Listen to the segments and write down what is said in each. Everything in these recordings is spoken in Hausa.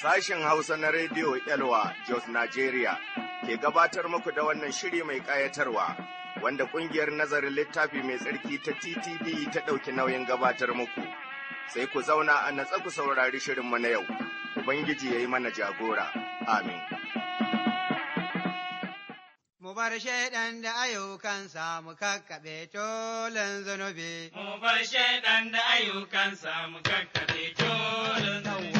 Sashen Hausa na Rediyo Elwa Jos Nigeria ke gabatar muku da wannan shiri mai ƙayatarwa wanda ƙungiyar nazarin littafi mai tsarki ta TTD ta ɗauki nauyin gabatar muku. Sai ku zauna a natsa ku saurari shirinmu na yau, Ubangiji ya yi mana jagora. Amin. Mu bar shaidan da ayyukansa mu kakkaɓe tolan zunubi. Mu bar shaidan da ayyukansa mu kakkaɓe tolan zunubi.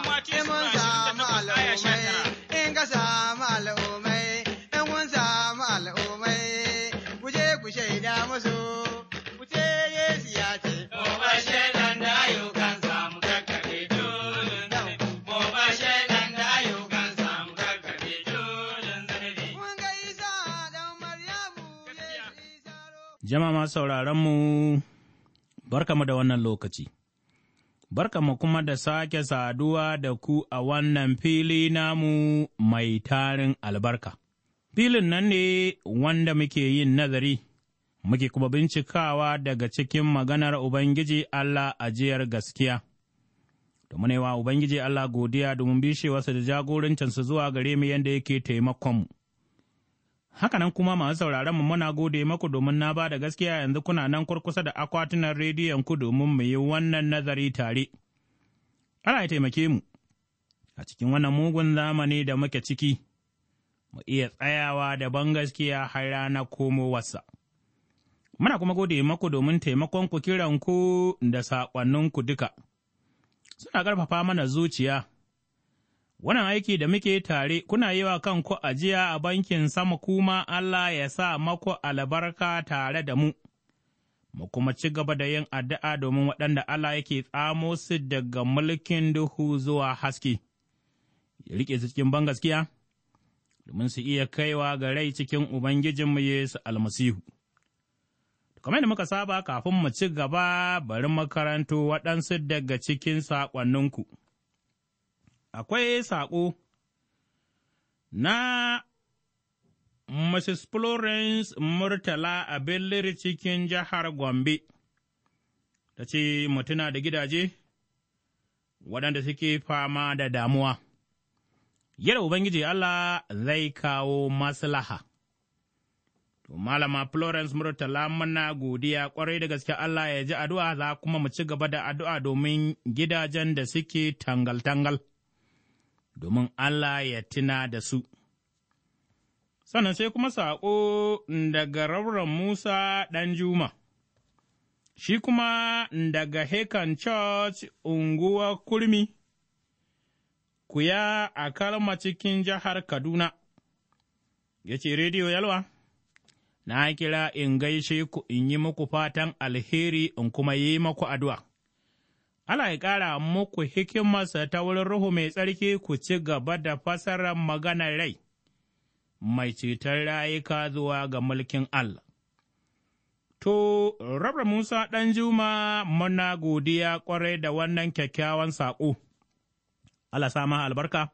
Jama'a sauraronmu, barkamu da wannan lokaci, barkamu kuma da sake saduwa da ku a wannan fili namu mai tarin albarka. Filin nan ne wanda muke yin nazari, muke kuma bincikawa daga cikin maganar Ubangiji Allah ajiyar gaskiya. Domin wa Ubangiji Allah godiya domin bishewarsa da jagorancinsa zuwa gare mu yadda yake taimakonmu. Hakanan kuma masu sauraron mu muna gode maku domin na ba da gaskiya yanzu kuna nan kurkusa da akwatunan rediyon ku domin mu yi wannan nazari tare. Ana ya taimake mu a cikin wannan mugun zamani da muke ciki, mu iya tsayawa da ban gaskiya har rana wasa. Muna kuma gode maku domin taimakon ku kiran ku da saƙonninku duka. Suna ƙarfafa mana zuciya. Wannan aiki da muke tare kuna yi wa kanku ajiya a bankin sama kuma Allah ya sa maku albarka tare da mu, mu kuma ci gaba da yin addu'a domin waɗanda Allah yake tsamo su daga mulkin duhu zuwa haske, ya riƙe su cikin bangaskiya, domin su iya kaiwa ga rai cikin Ubangijinmu Yesu almasihu. kamar da muka saba kafin mu ci gaba bari makarantu waɗansu daga cikin saƙonninku. akwai saƙo na Mrs. Florence Murtala a Belliri cikin jihar Gombe, ta ce mutuna da gidaje waɗanda suke fama da damuwa, yadda Ubangiji Allah zai kawo maslaha. Malama Florence Murtala muna godiya ƙwarai da gaske Allah ya ji addu'a za kuma mu ci gaba da addu'a domin gidajen da suke tangal-tangal. domin Allah ya tuna da su. Sannan sai kuma saƙo daga rauren Musa ɗan Juma, shi kuma daga Hekan Church unguwa Kurmi, kuya a kalma cikin jihar Kaduna, ya ce Rediyo Yalwa, na kira in gaishe ku in yi muku fatan alheri in kuma yi maku addu'a. Allah ya ƙara muku hikimarsa ta wurin Ruhu mai tsarki ku ci gaba da fasarar maganar rai, mai ceton rayuka zuwa ga mulkin Allah. To, rabar Musa ɗan Juma muna godiya ƙwarai da wannan kyakkyawan saƙo, Allah sama albarka,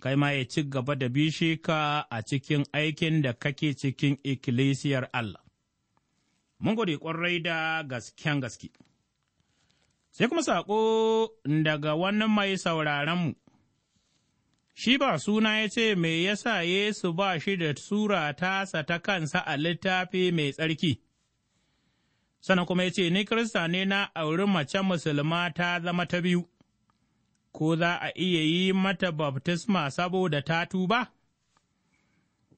kai ma ya ci gaba da bishi a cikin aikin da kake cikin ikkilisiyar Allah. Mun gode ƙwarai da gasken gaske. Sai kuma saƙo daga wani mai sauraronmu, shi ba suna ya ce me yasa Yesu ba shi da sura tasa ta kansa a littafi mai tsarki. Sannan kuma ya ce, Ni Kirista ne na auri mace musulma ta zama ta biyu, ko za a iya yi mata baftisma saboda ta tuba?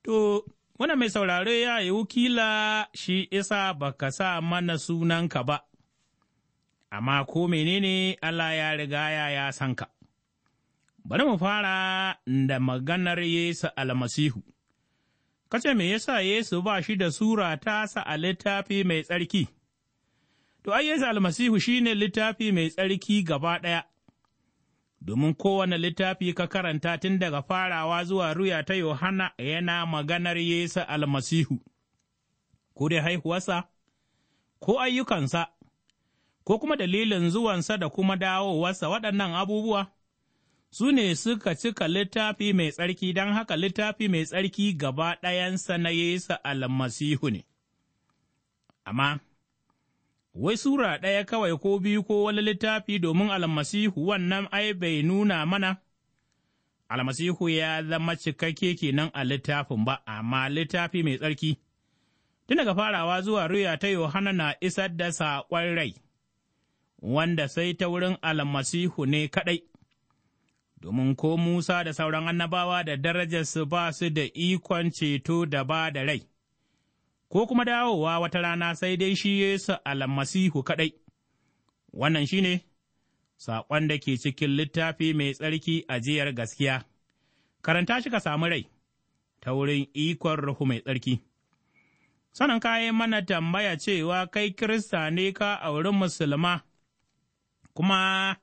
To, wannan mai saurare ya yi wukila, shi isa baka sa mana sunanka ba. amma ko menene Allah ya riga ya san ka. Bari mu fara da maganar Yesu almasihu. Kace me yasa Yesu ba shi da sura ta a littafi mai tsarki? To, ai, Yesu almasihu shi ne littafi mai tsarki gaba ɗaya, domin kowane littafi ka karanta tun daga farawa zuwa ruya ta Yohana yana maganar Yesu almasihu, ko dai haihuwarsa, ko ayyukansa. ko kuma dalilin zuwansa da kuma dawowarsa waɗannan abubuwa, su ne suka cika littafi mai tsarki don haka littafi mai tsarki gaba ɗayansa na Yesu almasihu ne. Amma, wai Sura ɗaya kawai ko biyu ko wani littafi domin almasihu wannan ai bai nuna mana, almasihu ya zama cikakke kenan a littafin ba, amma littafi mai tsarki. Tun daga farawa zuwa ruya ta Yohana na isar da saƙon rai. wanda sai ta wurin almasihu ne kaɗai. Domin ko Musa da sauran annabawa da darajarsu ba su da ikon ceto da ba da rai, ko kuma dawowa wata rana sai dai shi Yesu almasihu kaɗai. Wannan shi ne saƙon da ke cikin littafi mai tsarki ajiyar gaskiya, karanta shi ka samu rai ta wurin ikon Ruhu mai tsarki. Sanin kayan mana tambaya cewa kai Kirista ne ka auri Musulma. kuma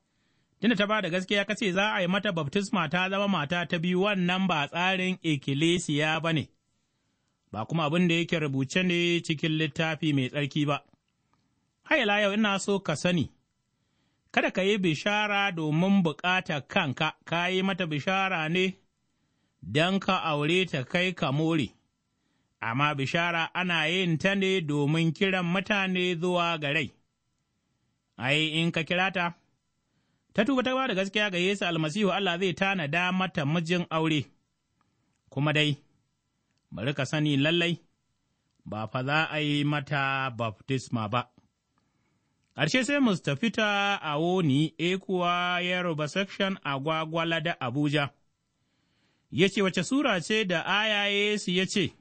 tunda ta ba da gaskiya ka ce za a yi mata baftisma ta zama mata ta biyu wannan ba tsarin ikkilisiya ba ne, ba kuma abin da yake rubuce ne cikin littafi mai tsarki ba. Hayala yau ina so ka sani, kada ka yi bishara domin bukata kanka, ka yi mata bishara ne don ka aure ta kai ka more, amma bishara ana yin ta ne domin kiran mutane zuwa ga rai. ai, in ka kira ta, ta tuba ta ba da gaskiya ga Yesu almasihu Allah zai tanada mata mijin aure, kuma dai, bari ka sani lallai, ba fa za a yi mata baftisma ba. Ƙarshe sai ta a woni ekuwa Yoruba section gwagwala da Abuja, ya ce wace sura ce da ayayesu su ya ce,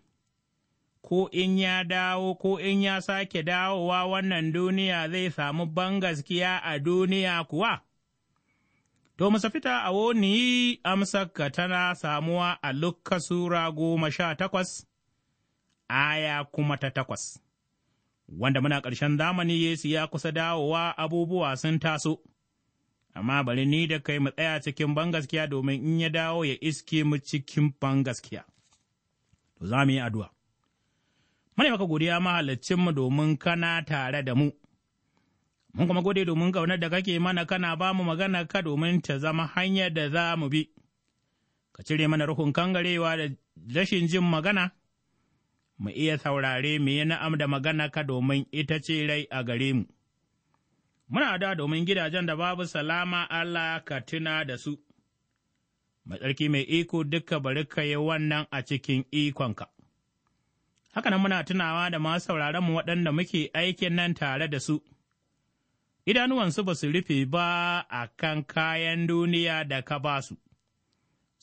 ko in ya dawo ko in ya sake dawowa wannan duniya zai samu gaskiya a duniya kuwa? To, fita a woni amsarka tana samuwa a Luka Sura goma sha takwas, aya kuma ta takwas, wanda muna ƙarshen zamani Yesu ya kusa dawowa abubuwa sun taso, amma bari ni da kai mu tsaya cikin bangaskiya domin in ya dawo ya iske mu cikin bangaskiya. To, za mu yi addu'a. Muna maka godiya mahalaccinmu domin kana tare da mu. Mun kuma gode domin ƙaunar da kake mana kana ba mu magana ka domin ta zama hanyar da za mu bi. Ka cire mana ruhun kangarewa da rashin jin magana, mu iya saurare mu yi na'am da magana ka domin ita ce rai a gare mu. Muna da domin gidajen da babu salama Allah ka tuna da su. Matsarki mai iko duka bari ka yi wannan a cikin ikonka. hakanan muna tunawa da masu mu waɗanda muke aikin nan tare da su. Idanuwansu ba su rufe ba a kan kayan duniya da ka ba su,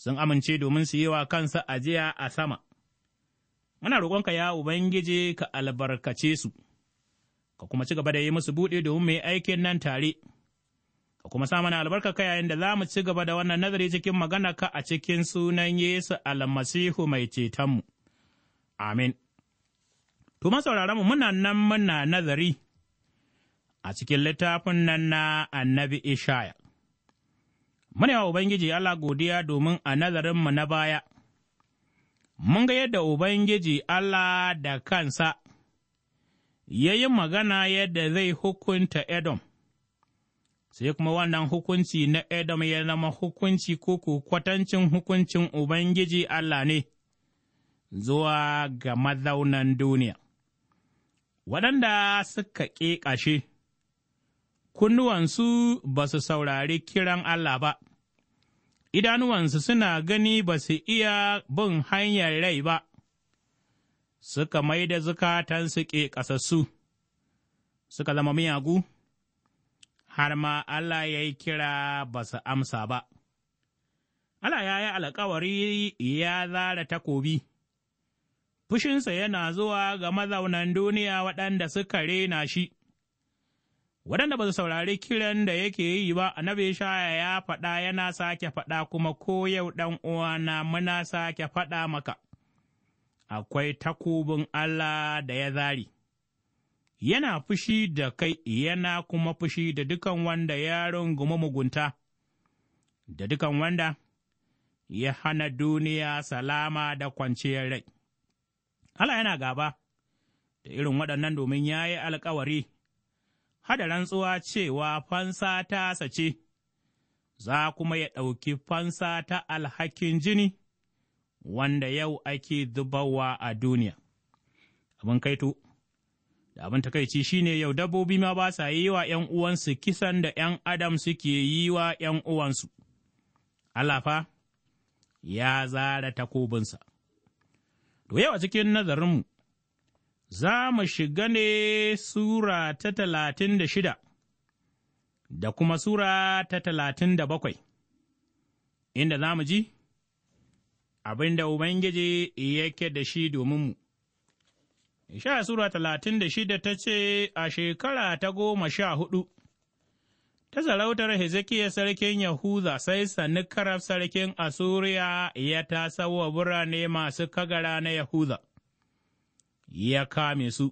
sun amince domin su yi wa kansu ajiya a sama. Muna roƙonka ya Ubangiji ka albarkace su, ka kuma ci gaba da yi musu buɗe domin mai aikin nan tare, ka kuma sa mana albarka ka yayin da za mu ci gaba da wannan nazari cikin magana ka a cikin sunan Yesu almasihu mai cetonmu. Amin. To masaurara mu muna nan muna nazari a cikin littafin nan na annabi Ishaya. Muna yawa Ubangiji Allah godiya domin a nazarinmu na baya, mun ga yadda Ubangiji Allah da kansa ya yi magana yadda zai hukunta Edom, sai kuma wannan hukunci na Edom ya zama hukunci ko kwatancin hukuncin Ubangiji Allah ne zuwa ga mazaunan duniya. waɗanda suka ƙeƙashe, kunnuwansu ba su saurari kiran Allah ba, idanuwansu suna gani ba su iya bin hanyar rai ba, suka mai da zukatansu ƙeƙasassu, suka zama miyagu, har ma Allah ya yi kira ba su amsa ba. Allah ya yi alkawari ya zara takobi. fushinsa yana zuwa ga mazaunan duniya waɗanda suka rena shi. Waɗanda ba su saurari kiran da yake yi ba, annabi shaya ya faɗa yana sake faɗa kuma ko yau ɗan na muna sake faɗa maka, akwai takubin Allah da ya zari. Yana fushi da kai, yana kuma fushi da dukan wanda ya rungumi mugunta, da dukan wanda ya hana duniya salama da kwanciyar rai. Allah yana gaba da irin waɗannan domin ya yi alkawari, hada rantsuwa cewa fansa ta sace, za kuma ya ɗauki fansa ta alhakin jini, wanda yau ake zubawa a duniya. Abin kaito, da abin takaici shi ne yau dabbobi ma ba sa yi wa ’yan uwansu kisan da ’yan adam suke yi wa ’yan uwansu. Allah fa, ya zara takobinsa. To yau a cikin nazarinmu, za mu shiga ne Sura ta talatin da shida da kuma Sura ta talatin da bakwai, inda za mu ji abin da Ubangiji yake da shi dominmu. Sha Sura talatin da shida ta ce a shekara ta goma sha hudu ta sarautar Hezekiya sarkin Yahuda sai Sanikarar sarkin Asuriya ya tasa wa birane masu kagara na Yahuda, ya kame su.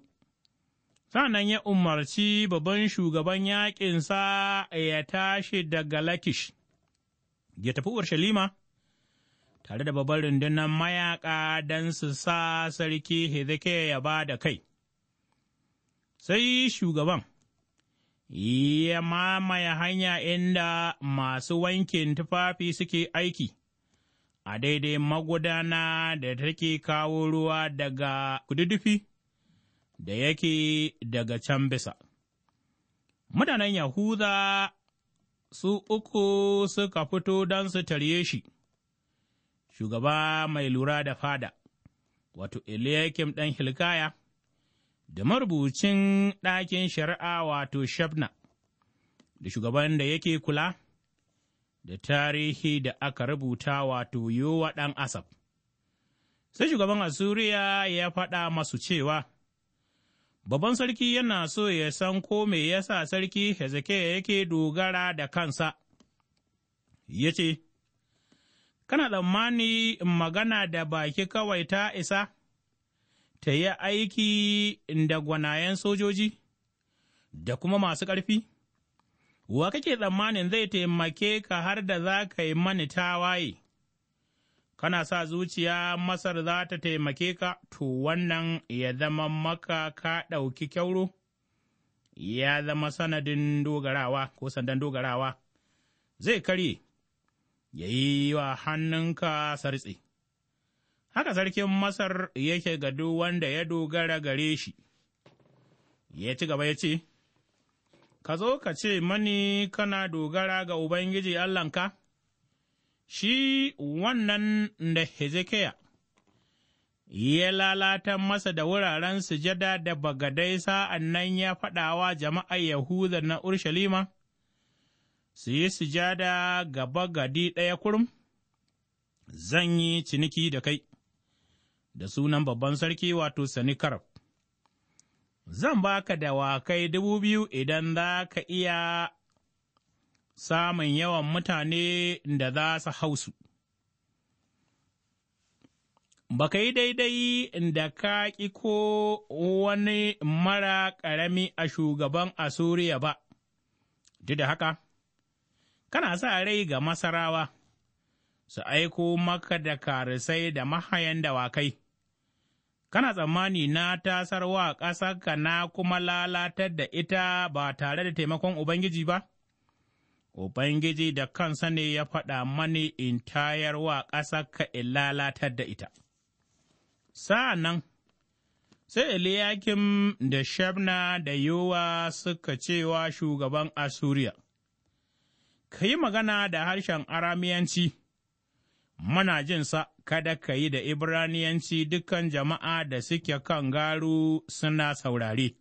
Sannan ya umarci babban shugaban yaƙinsa ya tashi daga Lakish, ya tafi Urshalima, tare da babban rundunar mayaƙa don su sa sarki Hezekiya ya ba da kai. Sai shugaban ya mamaye hanya inda masu wankin tufafi suke aiki, a daidai magudana da take kawo ruwa daga kududufi da yake daga can bisa. Mutanen Yahuda su uku suka fito don su tarye shi, shugaba mai lura da fada, wato Eliyakim ɗan Hilkaya. da marubucin ɗakin shari'a wato Shabna, da shugaban da yake kula da tarihi da aka rubuta wato yowa ɗan Asaf. Sai shugaban Asuriya ya faɗa masu cewa, Babban sarki yana so ya san ko me yasa sarki Hezekiah yake dogara da kansa, ya ce, Kana tsammani magana da baki kawai ta isa? ta yi aiki da gwanayen sojoji da kuma masu ƙarfi? Wa kake tsammanin zai taimake ka har da za ka yi mani tawaye? Kana sa zuciya Masar za ta taimake ka, to wannan ya zama maka ka ɗauki kyauro? Ya zama sanadin dogarawa ko sandan dogarawa, zai karye, ya yi wa hannunka sartse. haka sarkin Masar yake ga duk wanda ya dogara gare shi. Ya ci gaba ya ce, Ka zo ka ce mani kana dogara ga Ubangiji Allahnka, shi wannan da Hezekiya ya lalata masa da wuraren sujada da bagadai sa'an nan ya faɗa wa jama'a Yahuda na Urshalima, su yi sujada ga bagadi ɗaya kurum, zan yi ciniki da kai. da sunan babban sarki wato Sanikarab. Zan ba baka dawakai dubu biyu idan za ka iya samun yawan mutane da za su hausu. Ba ka yi daidai da ka ƙi ko wani mara ƙarami a shugaban Asuriya ba, duk da haka, kana sa rai ga Masarawa. su aiko maka da karisai da mahayan dawakai, kana tsammani na tasar wa ƙasarka na kuma lalatar da ita ba tare da taimakon Ubangiji ba? Ubangiji da kansa ne ya faɗa mani in tayar wa ƙasarka in lalatar da ita. Sa'an nan, sai Eliyakim da Shabna da Yowa suka cewa shugaban Asuriya, ka yi magana da harshen Aramiyanci. muna sa kada ka yi da Ibraniyanci dukan jama'a da suke kan garu suna saurare.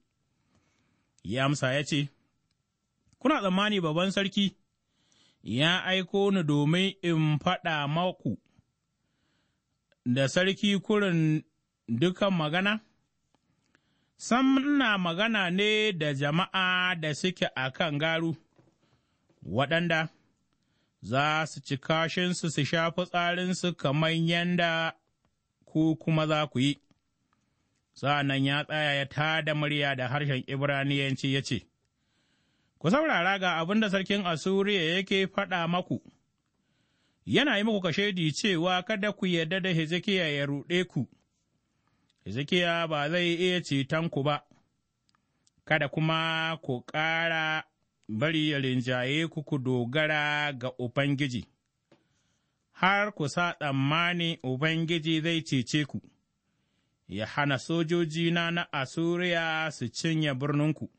Ya amsa ya ce, Kuna tsammani babban sarki, ya aiko ni domin in faɗa maku da sarki kurin dukan magana? Sam na magana ne da jama'a da suke a kan garu, waɗanda za su ci kashinsu su sha fitsarinsu kamar yanda ku kuma za ku yi. Sa'an nan ya tsaya ya tada murya da harshen Ibraniyanci ya ce, Ku saurara ga abin da sarkin Asuriya yake faɗa maku, yana yi muku kashedi cewa kada ku yarda da Hezekiya ya ruɗe ku, Hezekiya ba zai iya ceton ku ba, kada kuma ku ƙara bari ya rinjaye ku ku dogara ga Ubangiji, har ku sa tsammani Ubangiji zai cece ku, ya hana sojojina na Asuriya su cinye birninku.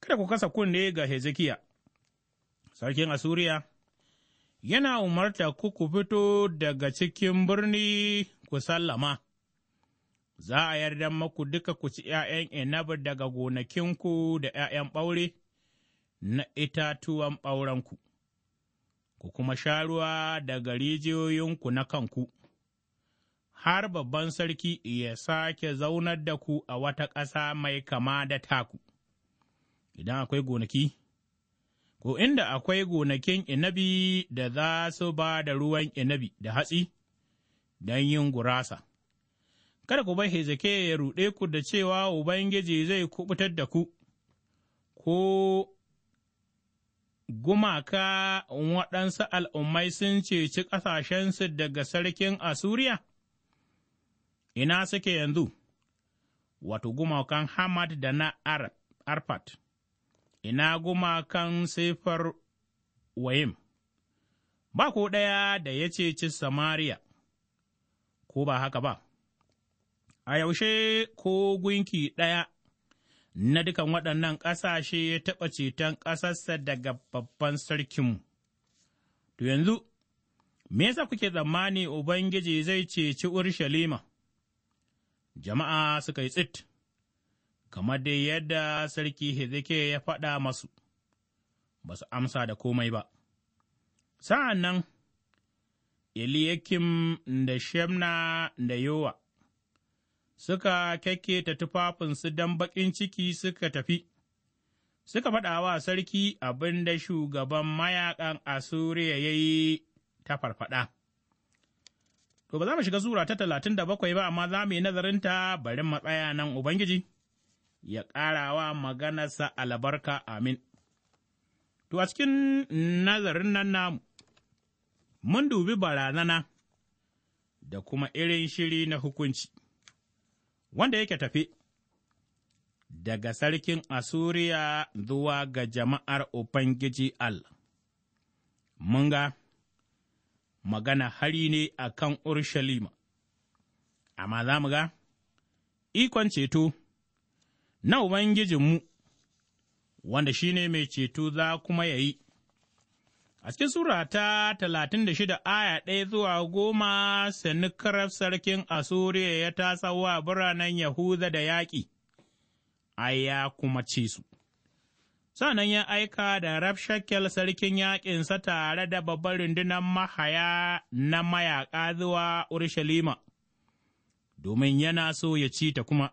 Kada ku kasa kunne ga Hezekiya, sarkin Asuriya, yana umarta ku ku fito daga cikin birni ku sallama. Za a yarda maku duka ku ci ’ya'yan inabi daga gonakinku da ’ya'yan ɓaure. na itatuwan ɓaurenku, ku kuma sha ruwa daga rijiyoyinku na kanku, har babban sarki ya sake zaunar da ku a wata ƙasa mai kama da taku. Idan akwai gonaki, ko inda akwai gonakin inabi da za su ba da ruwan inabi da hatsi don yin gurasa. Kada ku bai Hezekiya ya ruɗe ku da cewa Ubangiji zai kubutar da ku, ko gumaka waɗansu al'ummai sun ceci ƙasashensu daga sarkin Asuriya? Ina suke yanzu, wato gumakan Hamad da na Arfat, ina gumakan sifar Wayim, ba ko ɗaya da ya ceci Samariya, ko ba haka ba, a yaushe ko gunki ɗaya na dukan waɗannan ƙasashe ya taɓa ceton ƙasarsa daga babban sarkinmu. To yanzu, me yasa kuke tsammani Ubangiji zai ceci Urshalima? Jama'a suka yi tsit, kamar dai yadda sarki Hezekiya ya faɗa masu, ba su amsa da komai ba. Sa'an nan, Eliyakim da Shemna da Yowa suka kyakketa tufafinsu don baƙin ciki suka tafi, suka faɗa wa sarki abin da shugaban mayaƙan Asuriya ya yi ta farfaɗa. To, ba za mu shiga Sura ta talatin da bakwai ba, amma za mu yi nazarinta barin matsaya nan Ubangiji, ya ƙarawa maganarsa albarka amin. To, a cikin nazarin nan namu, mun dubi barazana da kuma irin shiri na hukunci. wanda yake tafi daga sarkin Asuriya zuwa ga jama'ar Ubangiji Al. Mun ga magana hari ne a kan Urshalima, amma za mu ga ikon ceto na Ubangijinmu, wanda shi ne mai ceto za kuma ya yi. A cikin Sura ta talatin da shida aya ɗaya zuwa goma Sennakerib sarkin Asuriya ya tasa wa biranen Yahuda da yaƙi, ai ya kuma ci su. Sannan ya aika da Rafshakel sarkin yaƙinsa tare da babbar rundunar mahaya na mayaƙa zuwa Urushalima, domin yana so ya ci ta kuma.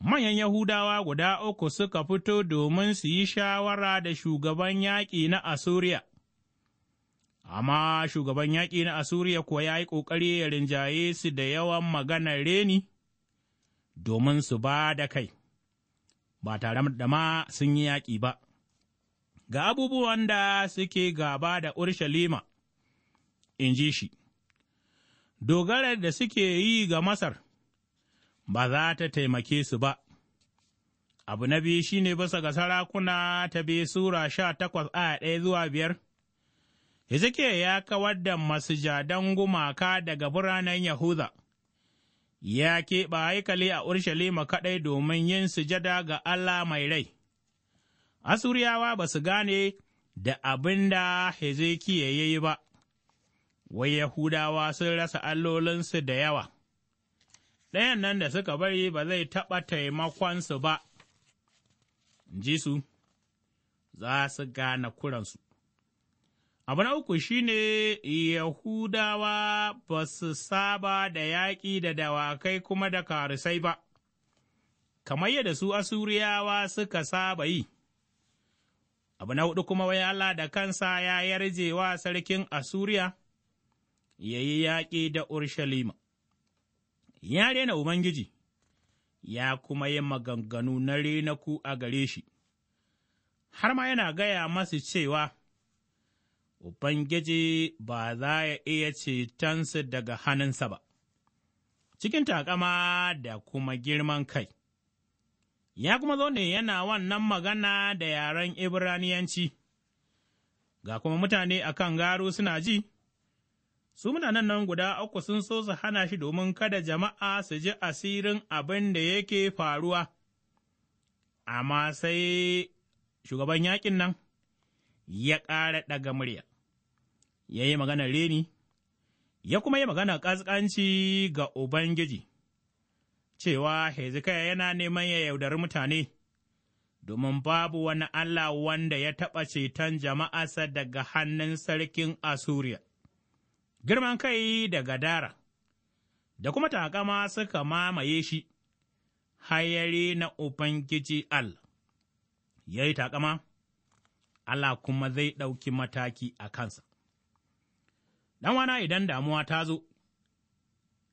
manyan Yahudawa guda uku suka fito domin su yi shawara da shugaban yaƙi na Asuriya. Amma shugaban yaƙi na Asuriya kuwa ya yi ƙoƙari ya rinjaye su da yawan magana reni domin su ba da kai, ba tare da ma sun yi yaƙi ba. Ga abubuwan da suke gaba da Urshalima, in ji shi, dogarar da suke yi ga Masar. ba za ta taimake su ba. Abu na biyu shi ne bisa ga sarakuna ta biyu Sura sha takwas a ɗaya zuwa biyar. Hezekiya ya kawar da masujadan gumaka daga biranen Yahuda, ya keɓa haikali a Urshalima kaɗai domin yin sujada ga Allah mai rai. Asuriyawa ba su gane da abin da Hezekiya ya yi ba, wai Yahudawa sun rasa allolinsu da yawa. ɗayan nan da suka bari ba zai taɓa taimakonsu ba, ji su, za su gane kuransu. Abu na uku shi ne Yahudawa ba su saba da yaƙi da dawakai kuma da karusai ba, kamar yadda su Asuriyawa suka saba yi. Abu na hudu kuma wai Allah da kansa ya yarje wa sarkin Asuriya, ya yi yaƙi da Urshalima. ya rena Ubangiji, ya kuma yi maganganu na rena ku a gare shi, har ma yana gaya masu cewa, Ubangiji ba za ya iya cetonsu daga hannunsa ba, cikin takama da kuma girman kai, ya kuma zo ne yana wannan magana da yaren Ibraniyanci, ga kuma mutane a kan garo suna ji. su mutanen nan guda uku sun so su hana shi domin kada jama'a su ji asirin abin da yake faruwa, amma sai shugaban yaƙin nan ya ƙara ɗaga murya, ya yi magana reni, ya kuma yi magana ƙasƙanci ga Ubangiji, cewa Hezekiah yana neman ya yaudari mutane. domin babu wani Allah wanda ya taɓa ceton jama'arsa daga hannun sarkin Asuriya. girman kai da gadara, da kuma takama suka mamaye shi, hayari na Ubangiji Al, ya yi taƙama, Allah kuma zai ɗauki mataki a kansa. Ɗan wana idan damuwa ta zo,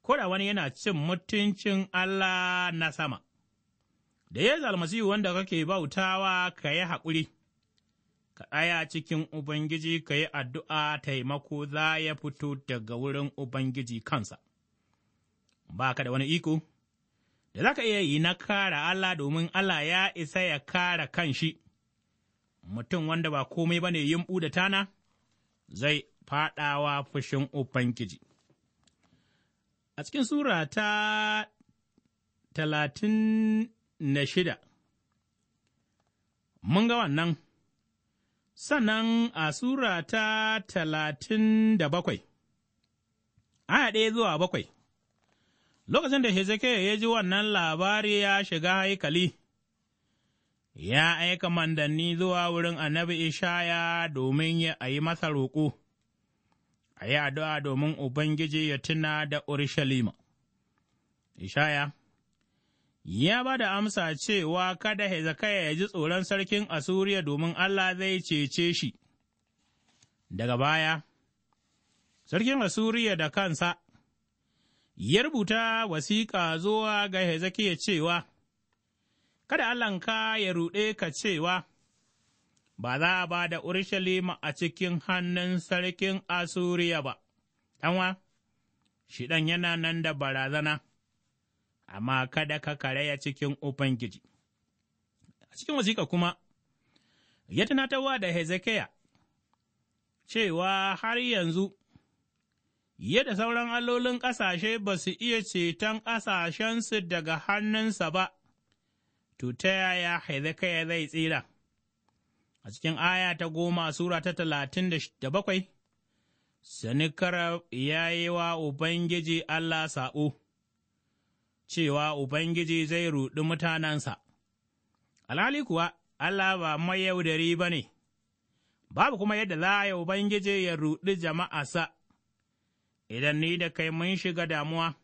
ko da wani yana cin mutuncin Allah na sama, da ya almasihu wanda kake bautawa ka yi haƙuri, ka tsaya cikin Ubangiji ka yi addu'a taimako za ya fito daga wurin Ubangiji kansa, ba ka da wani iko, da za ka iya yi na kara Allah domin Allah ya isa ya kara kanshi. mutum wanda ba komai ba ne yin da tana, zai faɗawa fushin Ubangiji. A cikin Sura ta talatin na shida, mun ga wannan. sannan a Sura ta talatin da bakwai, aya ɗaya zuwa bakwai, lokacin da Hezekiah ya ji wannan labari ya shiga haikali, ya aika mandanni zuwa wurin annabi Ishaya domin ya yi masa roƙo, a yi addu'a domin Ubangiji ya tuna da Urushalima. Ishaya ya ba da amsa cewa kada Hezekiah ya ji tsoron sarkin Asuriya domin Allah zai cece shi. Daga baya, sarkin Asuriya da kansa ya rubuta wasiƙa zuwa ga Hezekiah cewa, Kada Allahnka ya ruɗe ka cewa, Ba za a ba da Urushalima a cikin hannun sarkin Asuriya ba, ɗanwa, shi yana nan da barazana. amma kada ka karaya cikin Ubangiji. A cikin wasiƙa kuma, ya tunatarwa da Hezekiya cewa har yanzu, yadda sauran allolin ƙasashe ba su iya ceton ƙasashensu daga hannunsa ba, to ta yaya Hezekiya zai tsira. A cikin aya ta goma Sura ta talatin da bakwai, Sanikar ya yi wa Ubangiji Allah sa'o. cewa Ubangiji zai ruɗi mutanensa, alhali kuwa Allah ba mayaudari ba ne, babu kuma yadda ya Ubangiji ya ruɗi jama'asa, idan ni da kai mun shiga damuwa,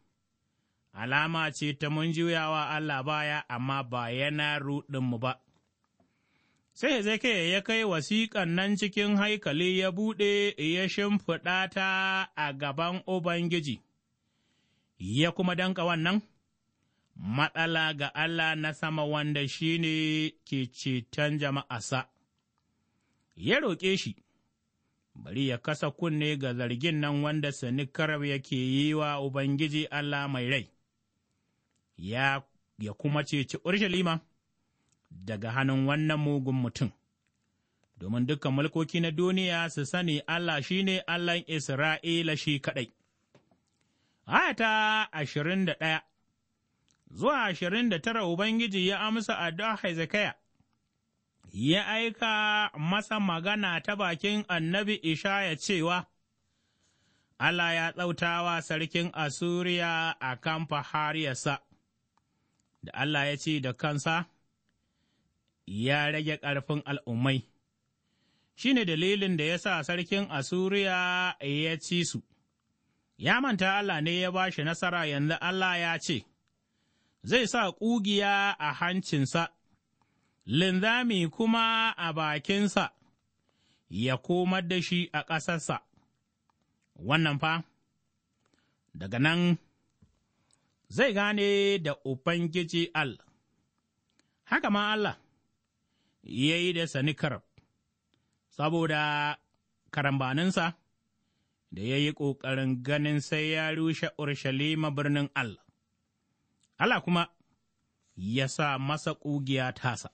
alama ce ta mun juyawa Allah baya amma ba yana ruɗinmu ba. sai Hezekiya ya kai wasiƙan nan cikin haikali ya buɗe ya shimfiɗa ta a gaban Ubangiji, ya kuma danƙa wannan matsala ga Allah na sama wanda shi ne ke ceton jama'asa. Ya roƙe shi, bari ya kasa kunne ga zargin nan wanda sani karab yake yi wa Ubangiji Allah mai rai, ya, ya kuma ceci Urshalima daga hannun wannan mugun mutum. Domin duka mulkoki na duniya su sani Allah shi ne Allahn Isra'ila shi kaɗai. Ayata ashirin da ɗaya zuwa ashirin da tara Ubangiji ya amsa addu'a Hezekiah, ya aika masa magana ta bakin annabi Ishaya cewa, Allah ya tsautawa sarkin Asuriya a kan fahariyarsa, da Allah ya ce da kansa, ya rage ƙarfin al'ummai, shi ne dalilin da ya sa sarkin Asuriya ya ci su, ya manta Allah ne ya ba shi nasara yanzu Allah ya ce, zai sa ƙugiya a hancinsa, linzami kuma a bakinsa, ya komar da shi a ƙasarsa. Wannan fa, daga nan zai gane da Ubangiji al. haka ma Allah ya yi da sanikar saboda karambaninsa da ya yi ƙoƙarin ganin sai ya rushe urshalima birnin Allah. Allah kuma ya sa masa ƙugiya tasa.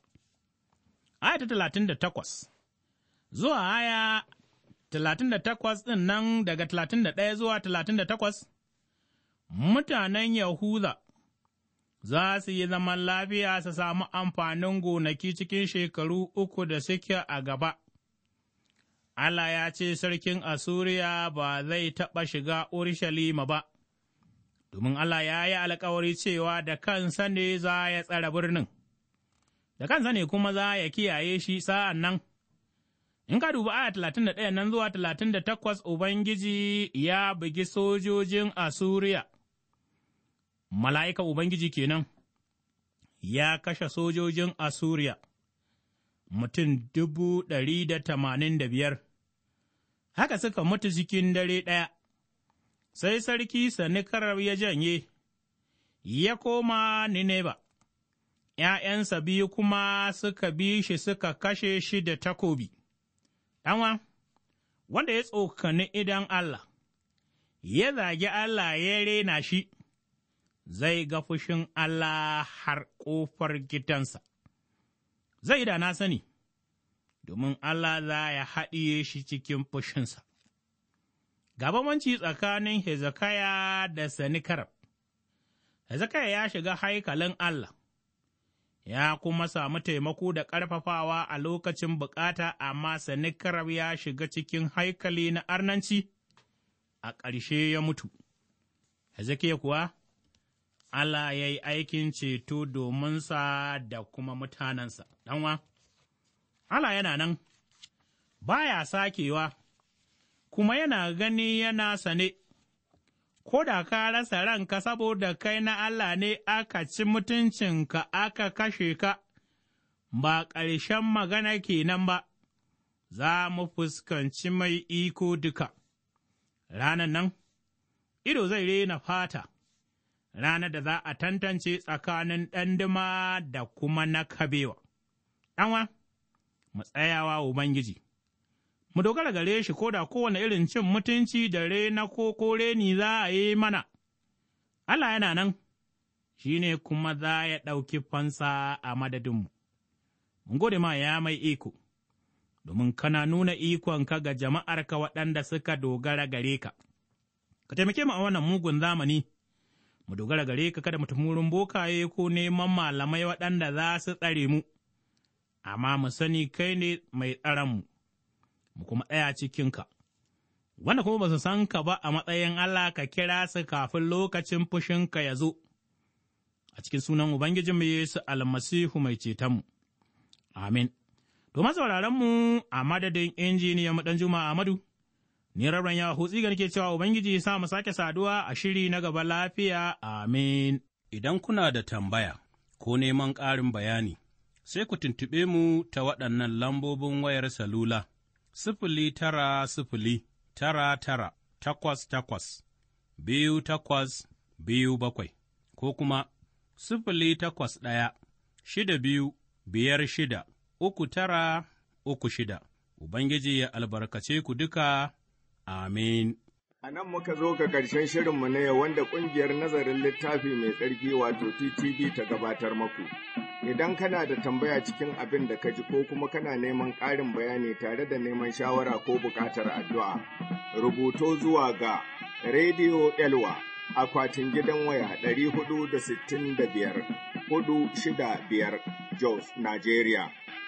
Aya ta talatin da takwas zuwa aya talatin da takwas ɗin nan daga talatin da ɗaya zuwa talatin da takwas, mutanen Yahuda za su yi zaman lafiya su samu amfanin gonaki cikin shekaru uku da suke a gaba. Allah ya ce sarkin Asuriya ba zai taɓa shiga Urushalima ba. domin Allah ya yi alkawari cewa da kansa ne za ya tsara birnin, da kansa ne kuma za ya kiyaye shi sa'an nan. In ka dubi aya talatin da ɗaya nan zuwa talatin da takwas Ubangiji ya bugi sojojin Asuriya, mala'ika Ubangiji kenan, ya kashe sojojin Asuriya, mutum dubu ɗari da tamanin da biyar, haka suka mutu cikin dare ɗaya. sai sarki Sanikarar ya janye, ya koma Nineba, ’ya'yansa biyu kuma suka bi shi suka kashe shi da takobi, ɗanwa, wanda ya tsokani idan Allah, ya zagi Allah ya rena shi, zai ga fushin Allah har ƙofar gidansa, zai da na sani, domin Allah za ya haɗiye shi cikin fushinsa. Ga bambanci tsakanin Hezekiah da Sanikarab Hezekiah ya shiga haikalin Allah, ya kuma samu taimako da ƙarfafawa a lokacin bukata, amma Sanikarab ya shiga cikin haikali na arnanci, a ƙarshe ya mutu. Hezekiah kuwa, Allah ya yi aikin ceto dominsa da kuma mutanensa, ɗanwa, Allah yana nan, ba ya sakewa, kuma yana gani yana sane. Ko da ka rasa ranka saboda kai na Allah ne aka ci mutuncinka aka kashe ka, ba ƙarshen magana kenan ba, za mu fuskanci mai iko duka. Ranan nan, ido zai rena fata, ranar da za a tantance tsakanin ɗanduma da kuma na kabewa. Ɗanwa, mu tsayawa Ubangiji. mu dogara gare shi ko da kowane irin cin mutunci da rena ko kore ni za a yi mana. Allah yana nan, shi ne kuma za ya ɗauki fansa a madadinmu. Mun gode ma ya mai iko, domin kana nuna ikonka ga jama'arka waɗanda suka dogara gare ka. Ka taimake mu a wannan mugun zamani. mu dogara gare ka kada mu wurin bokaye ko neman malamai waɗanda za su tsare mu, amma mu sani kai ne mai tsaronmu. mu, mu kuma ɗaya cikinka. Wanda kuma ba su san ka ba a matsayin Allah ka kira su kafin lokacin fushinka ya zo, a cikin sunan Ubangijinmu Yesu almasihu mai cetonmu. Amin. Domin sauraronmu a madadin injiniya mu ɗan Juma Amadu, ni rarren ya hutsi ga nake cewa Ubangiji sa mu sake saduwa a shiri na gaba lafiya. Amin. Idan kuna da tambaya ko neman ƙarin bayani, sai ku tuntuɓe mu ta waɗannan lambobin wayar salula. sifili tara sifili tara tara takwas takwas biyu takwas biyu bakwai ko kuma sifili takwas ɗaya shida biyu biyar shida uku tara uku shida Ubangiji ya albarkace ku duka, amin. A nan muka zo ga ƙarshen shirinmu na yau wanda ƙungiyar nazarin littafi mai tsarki wato TTV ta gabatar maku. Idan kana da tambaya cikin abin da ka ji ko kuma kana neman ƙarin bayani tare da neman shawara ko buƙatar addu'a, rubuto zuwa ga Radio Elwa akwatin gidan waya 465 465 Jos, Nigeria.